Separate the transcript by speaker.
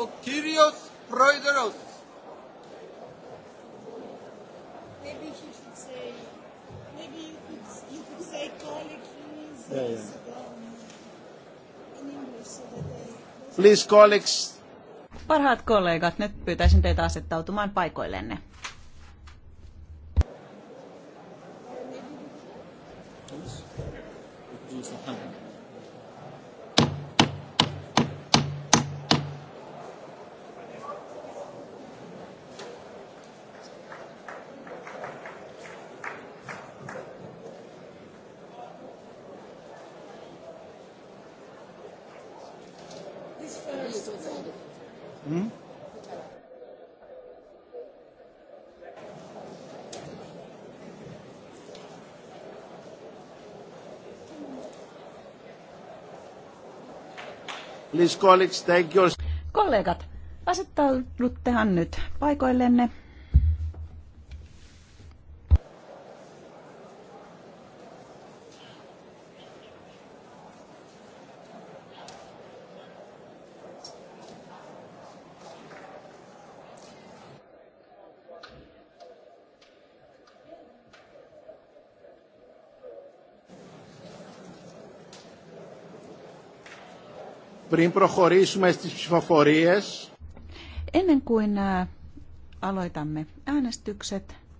Speaker 1: ο κύριος πρόεδρος.
Speaker 2: Maybe he should say,
Speaker 3: maybe you could, you could say colleague please
Speaker 2: um, in English so that they...
Speaker 4: Please colleagues.
Speaker 2: Parhaat kollegat, nyt pyytäisin teitä asettautumaan paikoillenne. Please.
Speaker 3: Hmm?
Speaker 5: Kollegat, asettauduttehan nyt
Speaker 6: paikoillenne.
Speaker 7: Πριν προχωρήσουμε στις ψηφοφορίες.
Speaker 6: Ennen kuin aloitamme äänestykset,